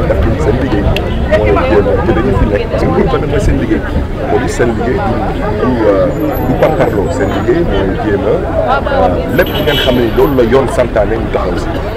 ndax ñun euh, seen liggéey mooy jéem a te dañu fi nekk parce que bu ñu ko defee seen liggéey mooy seen liggéey du du parparloo seen liggéey mooy lépp ngeen xam ne loolu la yoon santaane ñu taxaw si.